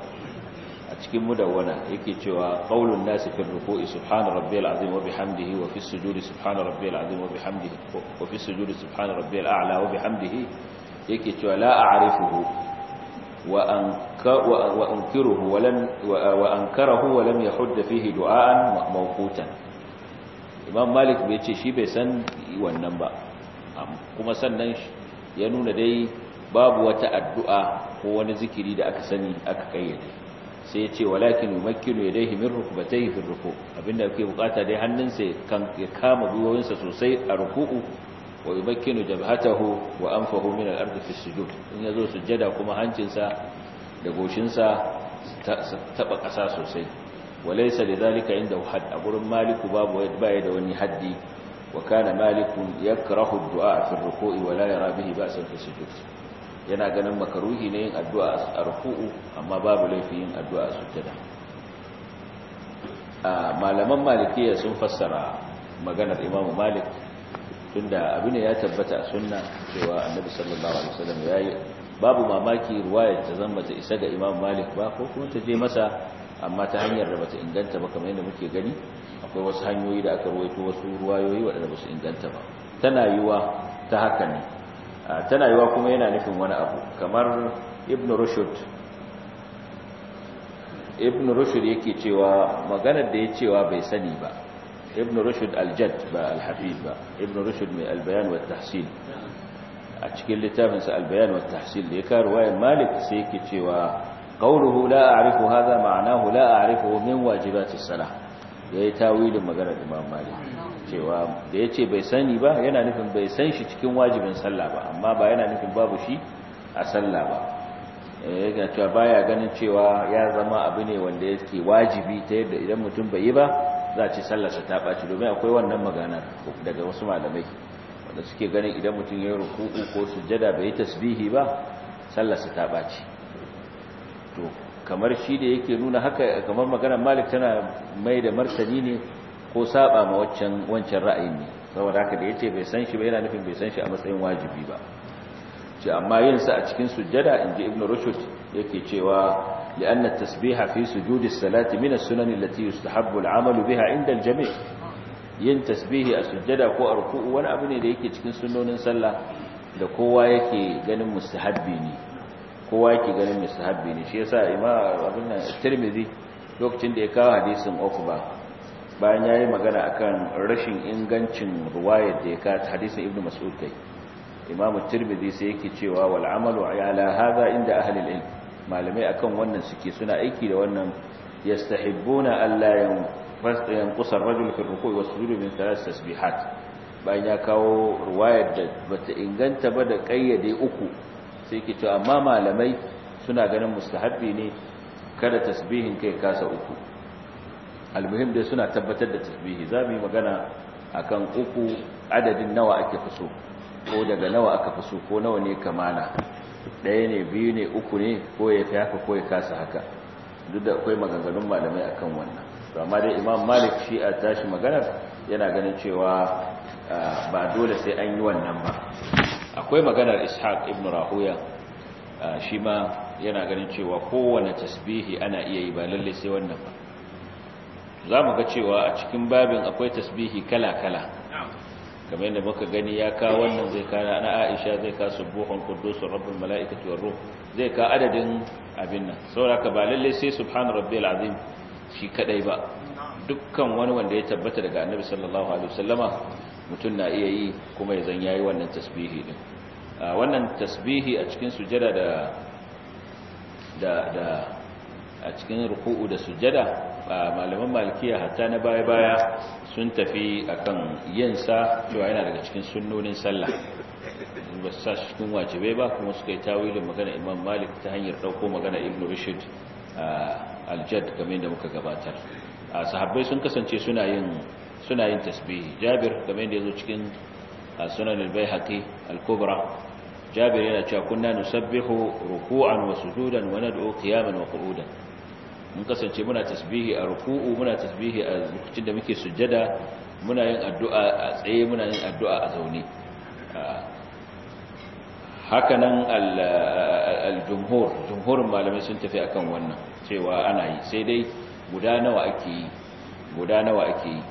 a cikin mudawwana yake cewa qaulun nasi fi ruku'i subhana rabbiyal azim wa bihamdihi wa fi sujudi subhana rabbiyal azim wa bihamdihi wa fi sujudi subhana rabbiyal a'la wa bihamdihi yake cewa la a'rifuhu وأنكره ولم ya hudda fi فيه دعاء موقوتا Imam Malik bai ce shi bai san wannan ba kuma sannan ya nuna dai babu wata addu'a ko wani zikiri da aka sani aka kayyade sai ya ce walakin yumakkinu yadayhi min rukbatayhi fi ruku abinda ake bukata dai hannunsa ya kama gwiwoyinsa sosai a ruku'u wa yumakkinu jabhatahu wa anfahu min al-ardi fi sujud in yazo sujada kuma hancinsa da goshinsa su taba kasa sosai walaysa zalika inda had a gurin maliku babu baya da wani haddi wa kana maliku yakrahu ad-du'a fi rukui wa la yara bihi ba'san fi sujud yana ganin makaruhi ne yin addu'a a ruku'u amma babu laifi yin addu'a a sujjada malaman malikiya sun fassara maganar imamu malik tunda abu ya tabbata a sunna cewa annabi sallallahu alaihi wasallam yayi babu mamaki ruwayar ta zama ta isa ga imam malik ba ko kuma ta je masa amma ta hanyar da bata inganta ba kamar yadda muke gani akwai wasu hanyoyi da aka ko wasu ruwayoyi waɗanda ba su inganta ba tana yiwa ta haka ne tana yiwa kuma yana nufin wani abu kamar ibn rushd ibn rushd yake cewa maganar da ya cewa bai sani ba ibn rushd al-jadd ba al-hafiz ba ibn rushd mai al-bayan wa a cikin littafin sa al-bayan wa da ya kawo riwayar malik sai yake cewa qawluhu la a'rifu hadha ma'nahu la a'rifu min wajibati as-salah yayi tawilin maganar imam malik cewa da yace bai sani ba yana nufin bai san shi cikin wajibin sallah ba amma ba yana nufin babu shi a sallah ba eh, yana cewa baya ganin cewa ya zama abu ne wanda yake wajibi ta yadda idan mutum bai yi ba za a ce sallarsa ta ɓaci domin akwai wannan magana daga wasu malamai wanda suke ganin idan mutum ya yi rukuku ko sujjada bai yi tasbihi ba sallarsa ta ɓaci to kamar shi da yake nuna haka kamar maganar malik tana mai da martani ne ko saba ma waccan wancan ra'ayin ne saboda haka da ce bai san shi ba yana nufin bai san shi a matsayin wajibi ba ce amma yin sa a cikin sujjada inji ibnu rushd yake cewa لأن التسبيح في سجود الصلاة من السنن التي يستحب العمل بها عند الجميع yin tasbihi a sujjada ko a ruku'u wani abu ne da yake cikin sunnonin sallah da kowa yake ganin mustahabbi ne kowa yake ganin mustahabbi ne shi yasa imam abin nan Tirmidhi lokacin da ya kawo hadisin Uqba bayan ya yi magana akan rashin ingancin riwayar da ya kawo hadisin Ibn Mas'ud kai imam Tirmidhi sai yake cewa wal amalu ala hadha inda ahli al-ilm malamai akan wannan suke suna aiki da wannan yastahibuna alla yanqusa ar-rajul fi ar-ruku'i was min thalath tasbihat bayan ya kawo riwayar da bata inganta ba da kayyade uku sai ki to amma malamai suna ganin mustahabbi ne kada tasbihin kai kasa uku almuhim dai suna tabbatar da tasbihi za mu yi magana akan uku adadin nawa ake fuso ko daga nawa aka fuso ko nawa ne kamana ɗaya ne biyu ne uku ne ko ya fi haka ko ya kasa haka duk da akwai maganganun malamai akan wannan amma dai imam malik shi a tashi maganar yana ganin cewa ba dole sai an yi wannan ba akwai maganar ishaq ibn rahuya shi ma yana ganin cewa kowane tasbihi ana iya yi ba lalle sai wannan ba za mu ga cewa a cikin babin akwai tasbihi kala-kala kamar yadda muka gani ya ka wannan zai ka na Aisha zai ka subuhun quddus rabbul malaikati war ruh zai ka adadin abin nan saboda ba lalle sai subhan rabbil azim shi kadai ba dukkan wani wanda ya tabbata daga annabi sallallahu alaihi wasallama mutum na iya yi kuma ya zan yayi wannan tasbihi din wannan tasbihi a cikin sujada da da da a cikin ruku'u da sujada malaman a hatta na baya-baya sun tafi akan yinsa cewa yana daga cikin sunnonin sallah ba su sa cikin wajibai ba kuma suka yi tawilin magana imam malik ta hanyar ɗauko magana ibn rashid aljad game da muka gabatar A sahabbai sun kasance suna yin suna tasbihi jabir game da zo cikin sunan al-baihaqi al-kubra jabir yana cewa kunna nusabbihu ruku'an wa sujudan wa nad'u qiyaman wa mun kasance muna tasbihi a ruku'u muna tasbihi a lokacin da muke sujada muna yin addu'a a tsaye muna yin addu'a a zaune haka nan al-jumhur jumhurin malamai sun tafi akan wannan cewa ana yi sai dai guda nawa ake yi guda nawa ake yi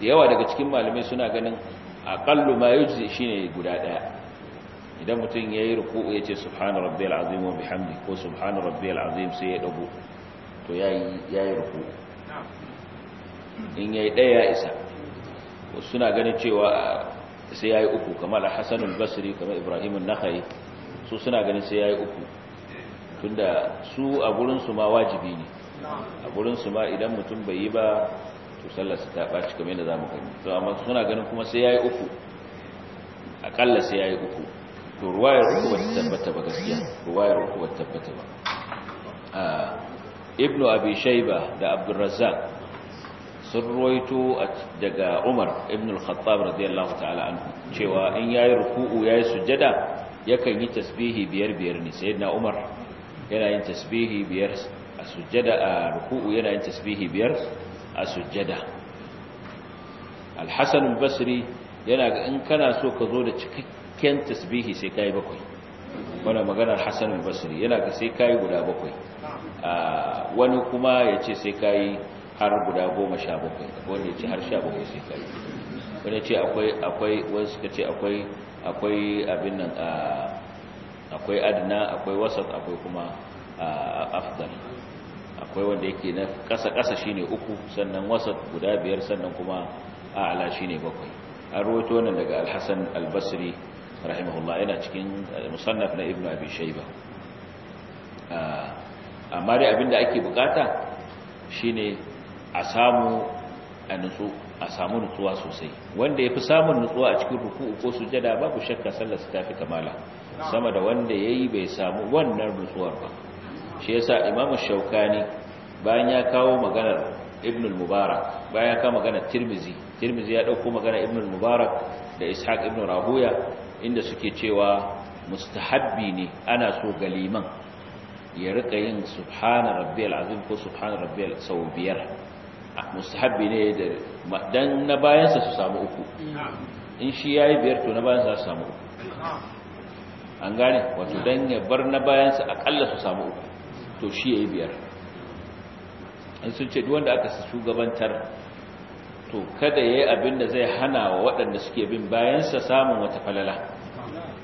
da yawa daga cikin malamai suna ganin aƙallu ma yujzi shine guda ɗaya idan mutum ya yi ruku'u ya ce subhanu rabbi al'azim wa bihamdi ko subhanu rabbi al'azim sai ya dago to ya yi ruku'u in ya yi ɗaya isa isa suna ganin cewa sai ya yi uku kamar hassanul basri kamar ibrahimun nakhai su suna ganin sai ya yi uku tunda su a gurinsu ma wajibi ne a gurinsu ma idan mutum bai yi ba to sallasa ta ɓaci kamar yadda za mu gani to amma suna ganin kuma sai ya yi uku aƙalla sai ya yi uku to ruwayar uku ba ta tabbata ba gaskiya ruwayar uku ba ta tabbata ba ibnu abi shayba da abdurrazzaq sun ruwaito daga umar ibn al-khattab radiyallahu ta'ala anhu cewa in yayi ruku'u yayi sujada yakan yi tasbihi biyar biyar ne sayyidina umar yana yin tasbihi biyar a sujada a ruku'u yana yin tasbihi biyar a sujada al-hasan al-basri yana in kana so ka zo da cikakken cikakken tasbihi sai kai bakwai wannan maganar Hassan al-Basri yana ga sai kai guda bakwai ah, wani kuma yace sai kai har guda 17 wanda yace har 17 sai kai wanda yace akwai akwai wani suka ce akwai akwai abin nan ah, akwai adna akwai wasat akwai kuma ah, afdal akwai wanda yake na kasa shi shine uku sannan wasat guda biyar sannan kuma a'la shine bakwai an rawaito wannan daga al-Hasan al-Basri rahimahullah yana cikin eh, musannaf na ibnu abi shayba ah, amma dai abinda ake bukata shine a samu a a samu nutsuwa sosai wanda yafi samun nutsuwa a cikin ruku'u ko sujada babu shakka sallar sa tafi kamala sama da wanda yayi bai samu wannan nutsuwar ba shi yasa imamu shaukani bayan ya kawo maganar ibn mubarak bayan ya kawo maganar tirmizi tirmizi ya dauko maganar ibn mubarak da ishaq ibnu rahuya inda suke cewa mustahabbi ne ana so ga liman ya rika yin subhana rabbiyal azim ko subhana rabbiyal sau biyar mustahabbi ne da dan na bayansa su samu uku in shi yayi biyar to na bayansa su samu uku an gane wato dan ya bar na bayansa akalla su samu uku to shi yayi biyar in sun ce duk wanda aka shugabantar to kada yayi abin da zai hana wa waɗanda suke bin bayansa samun wata falala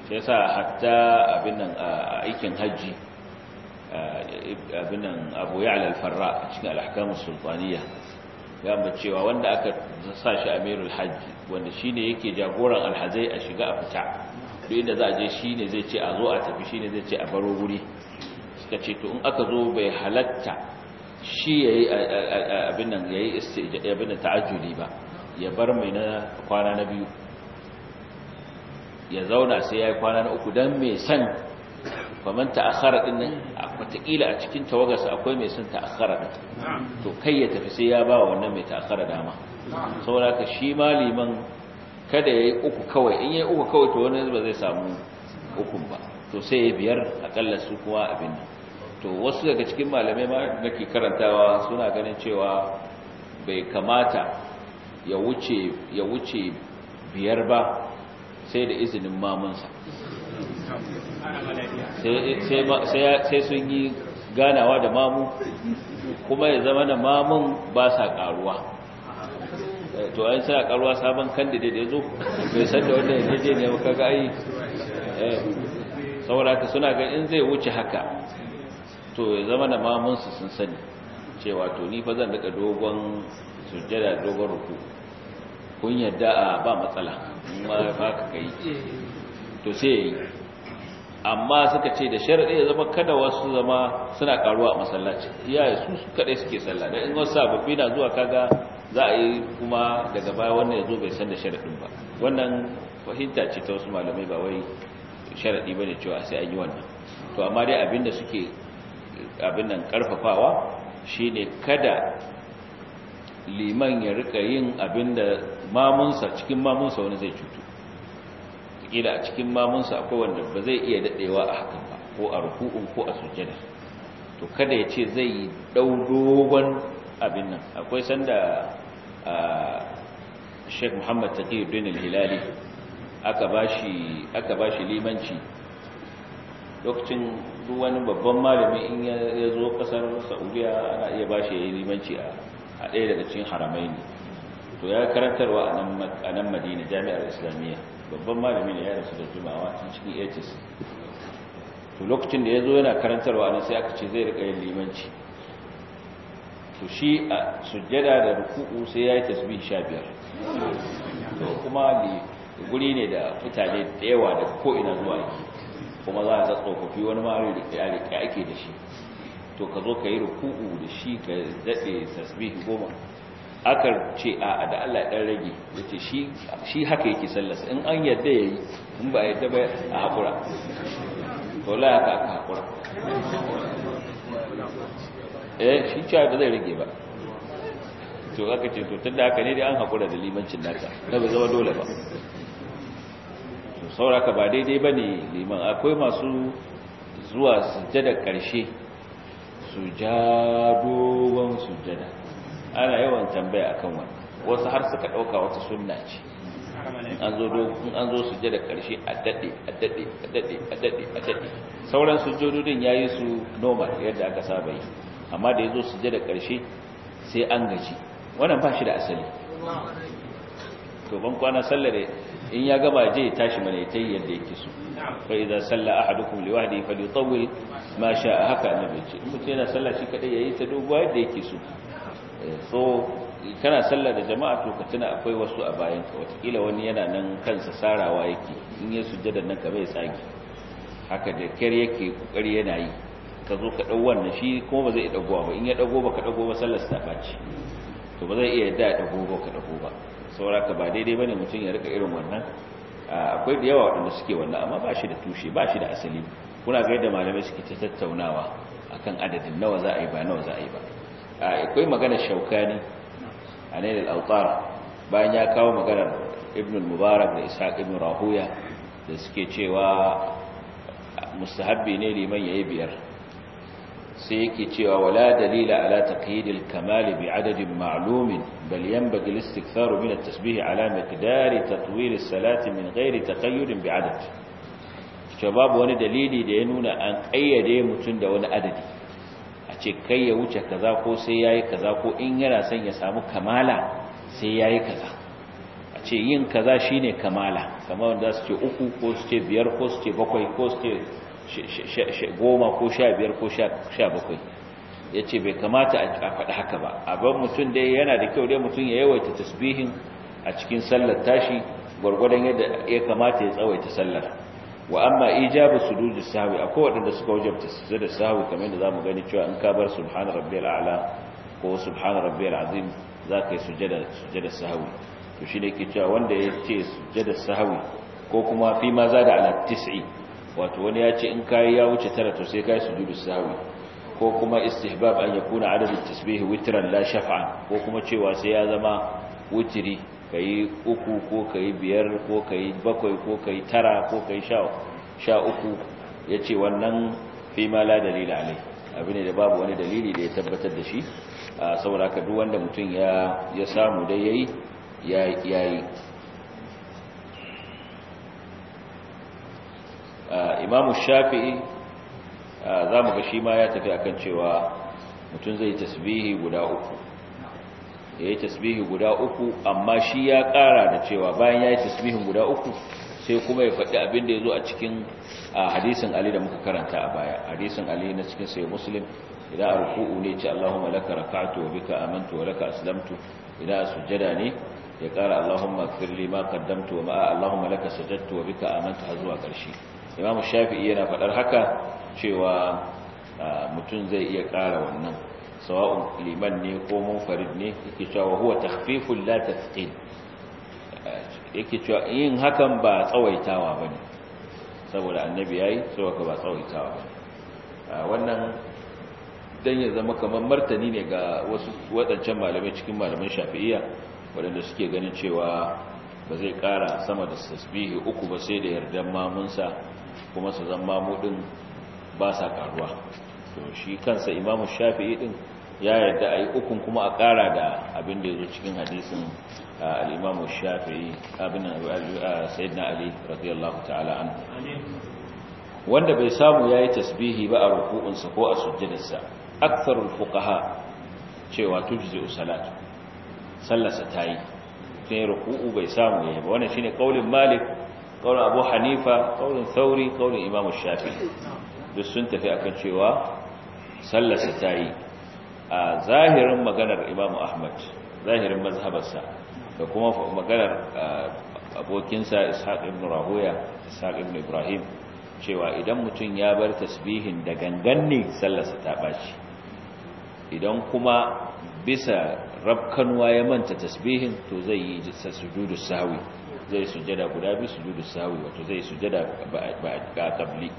sai yasa hatta abin nan a aikin haji abin nan Abu Ya'la al-Farra cikin al Musulmaniya. ya mu cewa wanda aka sa shi amirul hajji wanda shine yake jagoran alhazai a shiga a fita duk inda za a je shine zai ce a zo a tafi shine zai ce a baro guri suka ce to in aka zo bai halatta shi yayi abin nan yayi abin da ta'ajjudi ba ya bar mai na kwana na biyu ya zauna sai ya yi kwana na uku dan mai san faman ta'akhara din nan wataƙila a cikin tawagarsa akwai mai san ta'akhara da to kai ya tafi sai ya ba wannan mai ta'akhara dama saboda ka shi maliman kada ya yi uku kawai in ya yi uku kawai to wani ba zai samu hukun ba to sai ya biyar akalla su kuma abin to wasu daga cikin malamai ma nake karantawa suna ganin cewa bai kamata ya wuce ya wuce biyar ba sai da izinin mamunsa sai sun yi ganawa da mamu kuma ya zama da mamun ba sa karuwa to an sa karuwa sabon kandida da ya zo bai san da wanda ya je ne maka ga ai eh, saboda suna ga in zai wuce haka to ya zama da mamunsu sun sani cewa to ni fa zan daga dogon sujjada dogon ruku kun yadda a ba matsala ma ba ka kai to sai amma suka ce da sharadi ya zama kada wasu zama suna karuwa a masallaci iya su su kadai suke sallah da in wasu sababbi na zuwa kaga za a yi kuma daga baya wannan ya zo bai san da sharadin ba wannan fahimta ce ta wasu malamai ba wai sharaɗi ba ne cewa sai an yi wannan to amma dai abinda suke abin nan karfafawa ne kada liman ya rika yin abin da mamunsa cikin mamunsa wani zai cutu kila a cikin mamunsa akwai wanda ba zai iya dadewa a hakan ba ko a ruku'un ko a sujjada to kada ya ce zai yi dogon abin nan akwai sanda Sheikh Muhammad Taqiyuddin Al-Hilali aka bashi aka bashi limanci lokacin duk wani babban malami in ya zo kasar saudiya ana iya ba shi ya yi limanci a ɗaya daga cikin haramai ne to ya karantarwa a nan madina jami'ar islamiyya babban malami ne ya rasu da jimawa tun cikin 80 to lokacin da ya zo yana karantarwa nan sai aka ce zai riƙa yin limanci to shi a sujjada da ruku'u sai ya yi tasbih sha biyar to kuma guri ne da mutane da yawa da ko'ina zuwa yake kuma za a tsofaffi wani ma rike ake da shi to ka zo ka yi rukuku da shi ka daɗe tasbihi goma aka ce a da Allah ɗan rage ya ce shi haka yake sallasa in an yadda ya yi in ba yadda ba a haƙura to la haka aka haƙura eh shi cewa ba zai rage ba to aka ce to tun da haka ne dai an haƙura da limancin nata na ba zama dole ba sauraka ba daidai ba ne liman akwai masu zuwa sujada ƙarshe su ja dogon sujada ana yawan tambaya akan wani wasu har suka ɗauka wata suna ce an zo dogon an zo sujada ƙarshe a daɗe a daɗe a daɗe a daɗe a daɗe sauran ya yi su noma yadda aka saba yi amma da ya zo sujada ƙarshe sai an gaji wannan ba shi da asali to ban kwana sallare. in ya gaba je tashi mana ya tayi yadda yake so fa idza salla ahadukum li wahdi falyutawwil ma sha'a haka annabi ce mutum yana sallah shi kadai yayi ta dogo yadda yake so eh, so kana sallah da jama'a to ka tuna akwai wasu a bayan ka kila wani yana nan kansa sarawa yake in ya sujjada nan ka bai tsaki haka da kyar yake kokari yana yi ka zo ka dau wannan shi kuma ba zai dagowa ba in ya dago ba ka dago ba sallar ta bace to ba zai iya yadda ya dago ba ka dago ba sauraka ba daidai bane mutum ya rika irin wannan akwai da yawa waɗanda suke wannan amma ba shi da tushe ba shi da asali kuna ga yadda malamai suke ta tattaunawa akan adadin nawa za a yi ba nawa za a yi ba akwai magana shaukani a al alqara bayan ya kawo maganar ibn mubarak da ishaq ibn rahuya da suke cewa mustahabbi ne liman yayi biyar sai yake cewa wala dalila ala taqyidil kamal bi adadin ma'lum bal yanbaghi al-istikthar min at-tasbih ala miqdari tatwil as-salati min ghairi taqayyud bi adad babu wani dalili da ya nuna an kayyade mutun da wani adadi a ce kai ya wuce kaza ko sai yayi kaza ko in yana son ya samu kamala sai yayi kaza a ce yin kaza shine kamala kamar wanda su ce uku ko su ce biyar ko su ce bakwai ko su ce goma ko sha biyar ko sha bakwai ya ce bai kamata a faɗi haka ba abin mutum dai yana da kyau dai mutum ya yawaita tasbihin a cikin sallar tashi gwargwadon yadda ya kamata ya tsawaita sallar wa amma ijabu sujudi sahwi akwai wadanda suka wajabta sujudi sahwi kamar yadda zamu gani cewa in ka bar subhana rabbi a'la ko subhana rabbiyal azim zaka yi sujada sujada to shi ne ke cewa wanda yace sujada sahwi ko kuma fi ma da ala 90 wato wani ya ce in kayi ya wuce tara to sai kayi sujudu sahwi ko kuma istihbab an yakuna adadu tasbihi witran la shaf'an ko kuma cewa sai ya zama witri kai uku ko kai biyar ko kai bakwai ko kai tara ko kai sha sha uku yace wannan fi ma la dalila alai abin da babu wani dalili da ya tabbatar da shi saboda haka duk wanda mutum ya ya samu dai yayi yayi imamu shafi'i za mu ga shi ma ya tafi akan cewa mutum zai tasbihi guda uku ya yi tasbihi guda uku amma shi ya ƙara da cewa bayan ya yi tasbihin guda uku sai kuma ya faɗi abin da ya zo a cikin hadisin ali da muka karanta a baya hadisin ali na cikin sai muslim idan a ruku'u ne ce allahumma laka raka'tu wa bika amantu wa laka aslamtu idan a sujjada ne ya ƙara allahumma firli ma qaddamtu wa ma'a allahumma laka sajadtu wa bika amantu har zuwa ƙarshe imam shafi'i yana faɗar haka cewa mutum zai iya ƙara wannan sawa'u liman ne ko munfarid ne yake cewa huwa takhfifun la tasqil yake cewa yin hakan ba tsawaitawa bane saboda annabi yayi ka ba tsawaitawa wannan dan ya zama kamar martani ne ga wasu wadancan malamai cikin malaman shafi'iyya waɗanda suke ganin cewa ba zai ƙara sama da tasbihi uku ba sai da yardan mamunsa kuma su zama mudin ba sa karuwa to shi kansa imamu shafi'i ɗin ya yarda a yi ukun kuma a kara da abin da ya zo cikin hadisin al'imamu shafi'i abin sayyidina ali radiyallahu ta'ala an wanda bai samu ya yi tasbihi ba a ruku'unsa ko a sujjadarsa aktharul fukaha cewa tujzi usalatu. sallarsa ta yi sai ruku'u bai samu ya yi ba shi shine kaulin malik kaulin abu hanifa kaulin sauri kaulin imamu shafi duk sun tafi a kan cewa sallarsa ta yi a zahirin maganar imamu ahmad zahirin mazhabarsa da kuma maganar abokinsa ishaq ibn rahuya ishaq ibn ibrahim cewa idan mutum ya bar tasbihin da gangan ne sallarsa ta baci idan kuma bisa rabkanwa ya manta tasbihin to zai yi sujudu sahwi zai sujada guda biyu sujudu sawi wato zai sujada ba kabli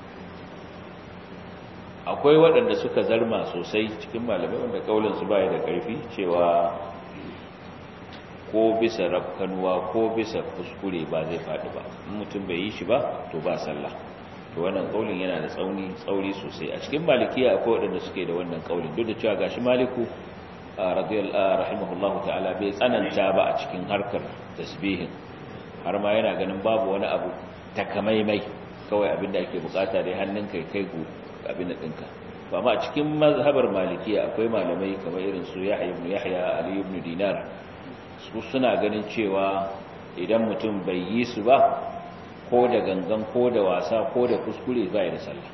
akwai waɗanda suka zarma sosai cikin malamai wanda kaulin su baya da ƙarfi cewa ko bisa rafkanuwa ko bisa kuskure ba zai faɗi ba mutum bai yi shi ba to ba sallah to wannan kaulin yana da tsauni tsauri sosai a cikin malikiya akwai waɗanda suke da wannan kaulin duk da cewa gashi maliku radiyallahu rahimahullahu ta'ala bai tsananta ba a cikin harkar tasbihin har ma yana ganin babu wani abu takamaimai kawai abinda ake bukata dai hannun kai kai go abin da dinka ba ma cikin mazhabar malikiya akwai malamai kamar irin su yahya ibn yahya ali ibn dinar su suna ganin cewa idan mutum bai yi su ba ko da gangan ko da wasa ko da kuskure bai da sallah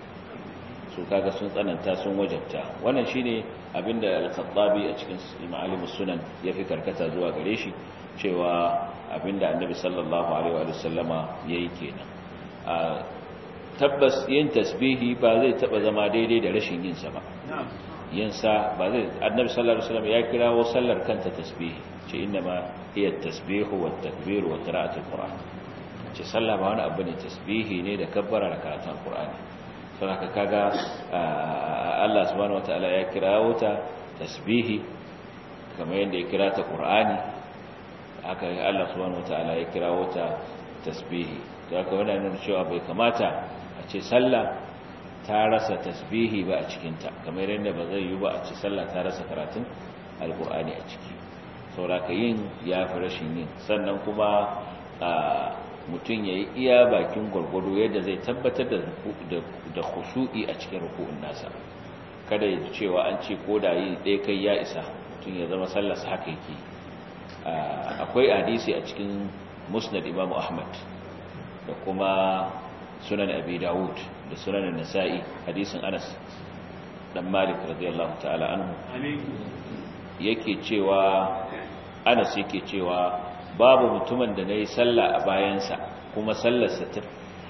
su kaga sun tsananta sun wajabta wannan shine abinda al-khattabi a cikin ma'alimus sunan ya fi karkata zuwa gare shi cewa abinda annabi sallallahu alaihi wa sallama yayi kenan a tabbas yin tasbihi ba zai taba zama daidai da rashin yin sa ba yin ba zai annabi sallallahu alaihi wa sallam ya kirawo sallar kanta tasbihi ce inna ma hiya tasbihu wat takbir wa qira'atul qur'an ce sallah ba wani abu ne tasbihi ne da kabbara da karatun qur'ani saboda kaga Allah subhanahu ta'ala ya kirawo ta tasbihi kamar yadda ya kira ta qur'ani haka Allah subhanahu wataala ya kira wata tasbihi da haka wannan nuna cewa bai kamata a ce sallah ta rasa tasbihi ba a cikin ta kamar yadda ba zai yi ba a ce sallah ta rasa karatun alqur'ani a ciki sauraka yin ya fi rashin yin sannan kuma mutum ya yi iya bakin gwargwado yadda zai tabbatar da khushu'i a cikin ruku'un nasa kada ya cewa an ce ko da yi ɗaya kai ya isa mutum ya zama sa haka yake Ah, akwai hadisi a cikin musnad imamu ahmad da kuma sunan abi dawud da sunan nasa'i hadisin anas dan malik radiyallahu ta'ala anhu yake cewa anas yake cewa babu mutumin da nayi sallah a bayansa kuma sallarsa ta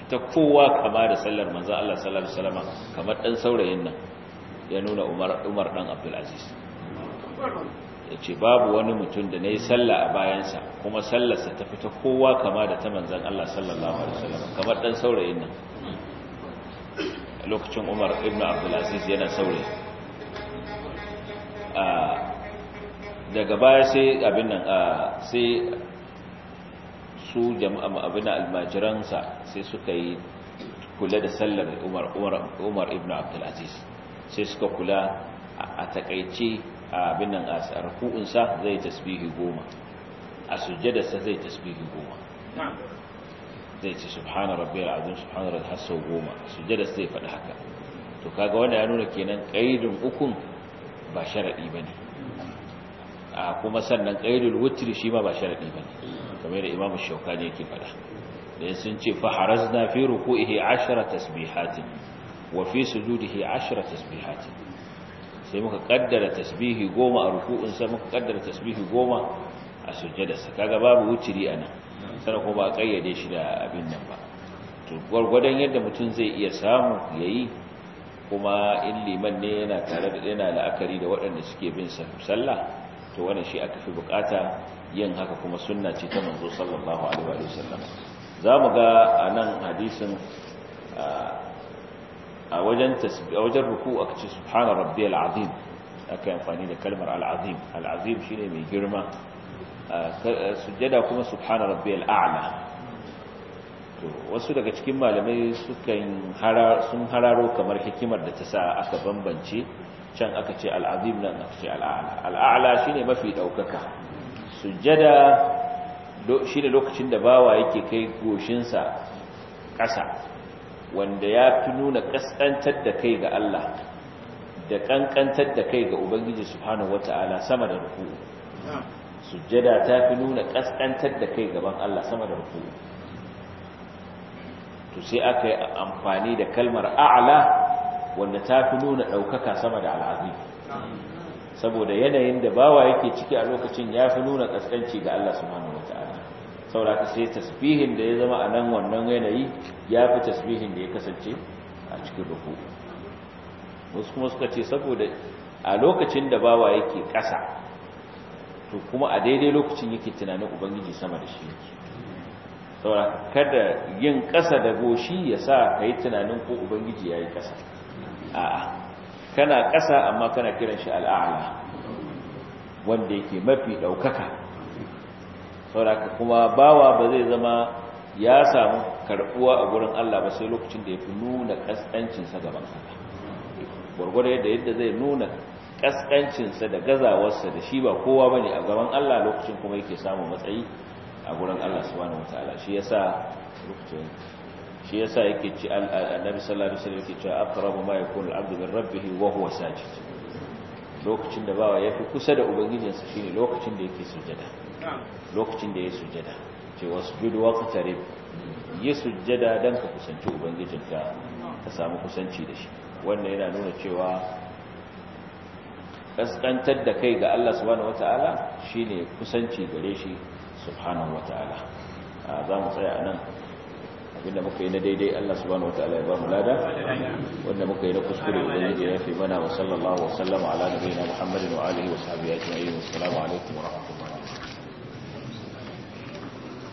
ta kowa kama da sallar manzo Allah sallallahu alaihi wasallam kamar dan saurayin nan ya nuna Umar Umar dan Abdul Aziz ce babu wani mutum da na yi sallah a bayansa kuma sallarsa ta fita kowa kama da ta Manzan Allah sallallahu alaihi wasallam kamar dan saurayin nan lokacin Umar ibn Abdulaziz yana saurayi a daga baya sai abin nan sai su jama'a abin almajiransa sai suka yi kula da sallar Umar Umar Umar ibn Abdulaziz sai suka kula a takaice abin nan a ruku'un sa zai tasbihi goma a sujjada sa zai tasbihi goma zai ce subhana rabbiyal azim subhana rabbiyal hasso goma sujjada sai faɗi haka to kaga wanda ya nuna kenan qaidun ukun ba sharadi bane a kuma sannan qaidul witr shi ma ba sharadi bane kamar da imamu shaukani yake faɗa dan sun ce fa harazna fi ruku'ihi 10 tasbihatin wa fi sujudihi 10 tasbihatin sai muka kaddara tasbihi goma a ruku'un sai muka kaddara tasbihi goma a sujjadarsa kaga babu wuciri a nan sai ko ba kayyade shi da abin nan ba to gwargwadon yadda mutum zai iya samu yayi kuma in liman ne yana tare da yana la'akari da waɗanda suke bin sallah to wannan shi aka fi bukata yin haka kuma sunna ce ta manzo sallallahu alaihi wa sallam mu ga anan hadisin a wajen a wajen ruku aka ce subhana rabbiyal azim aka yi amfani da kalmar al'azim al'azim shine mai girma sujjada kuma subhana rabbiyal a'la to wasu daga cikin malamai sukan sun hararo kamar hikimar da ta sa aka bambance can aka ce al'azim nan aka ce al'a'la al'a'la shine mafi daukaka sujjada shine lokacin da bawa yake kai goshinsa ƙasa wanda ya fi nuna kaskantar da kai ga Allah da kankantar da kai ga Ubangiji subhanahu wata'ala sama da ruku'u sujjada ta fi nuna kaskantar da kai gaban Allah sama da ruku'u to sai aka yi amfani da kalmar A'ala wanda ta fi nuna ɗaukaka sama da al'adu, saboda yanayin da bawa yake ciki a lokacin ya fi nuna ƙasƙanci ga Allah subhanahu wata'ala saboda sai tasbihin da ya zama a nan wannan yanayi ya fi tasbihin da ya kasance a cikin ruku wasu kuma suka ce saboda a lokacin da bawa yake ƙasa to kuma a daidai lokacin yake tunanin ubangiji sama da shi saboda kada yin ƙasa da goshi ya sa ka yi tunanin ko ubangiji ya yi ƙasa a'a kana ƙasa amma kana kiran shi al'a'ala wanda yake mafi ɗaukaka sauraka kuma bawa ba zai zama ya samu karbuwa a gurin Allah ba sai lokacin da ya fi nuna kaskancinsa gaban Allah gwargwado yadda yadda zai nuna kaskancinsa da gazawarsa da shi ba kowa ne a gaban Allah lokacin kuma yake samun matsayi a gurin Allah subhanahu wataala shi sa lokacin shi sa yake ci annabi sallallahu alaihi wasallam yake cewa aqrabu ma yakunu al min rabbih wa huwa sajid lokacin da bawa fi kusa da ubangijinsa shine lokacin da yake sujada lokacin da ya sujjada ce wasjud tare yi sujjada don ka kusanci ubangijin ka samu kusanci da shi wannan yana nuna cewa kaskantar da kai ga Allah subhanahu wataala ne kusanci gare shi subhanahu wataala za mu tsaya nan abinda muka yi na daidai Allah subhanahu wataala ya ba mu lada wanda muka yi na kuskure ubangiji ya fi mana wa sallallahu wa sallama ala nabiyina muhammadin wa alihi wa sahbihi ajma'in assalamu alaikum wa rahmatullahi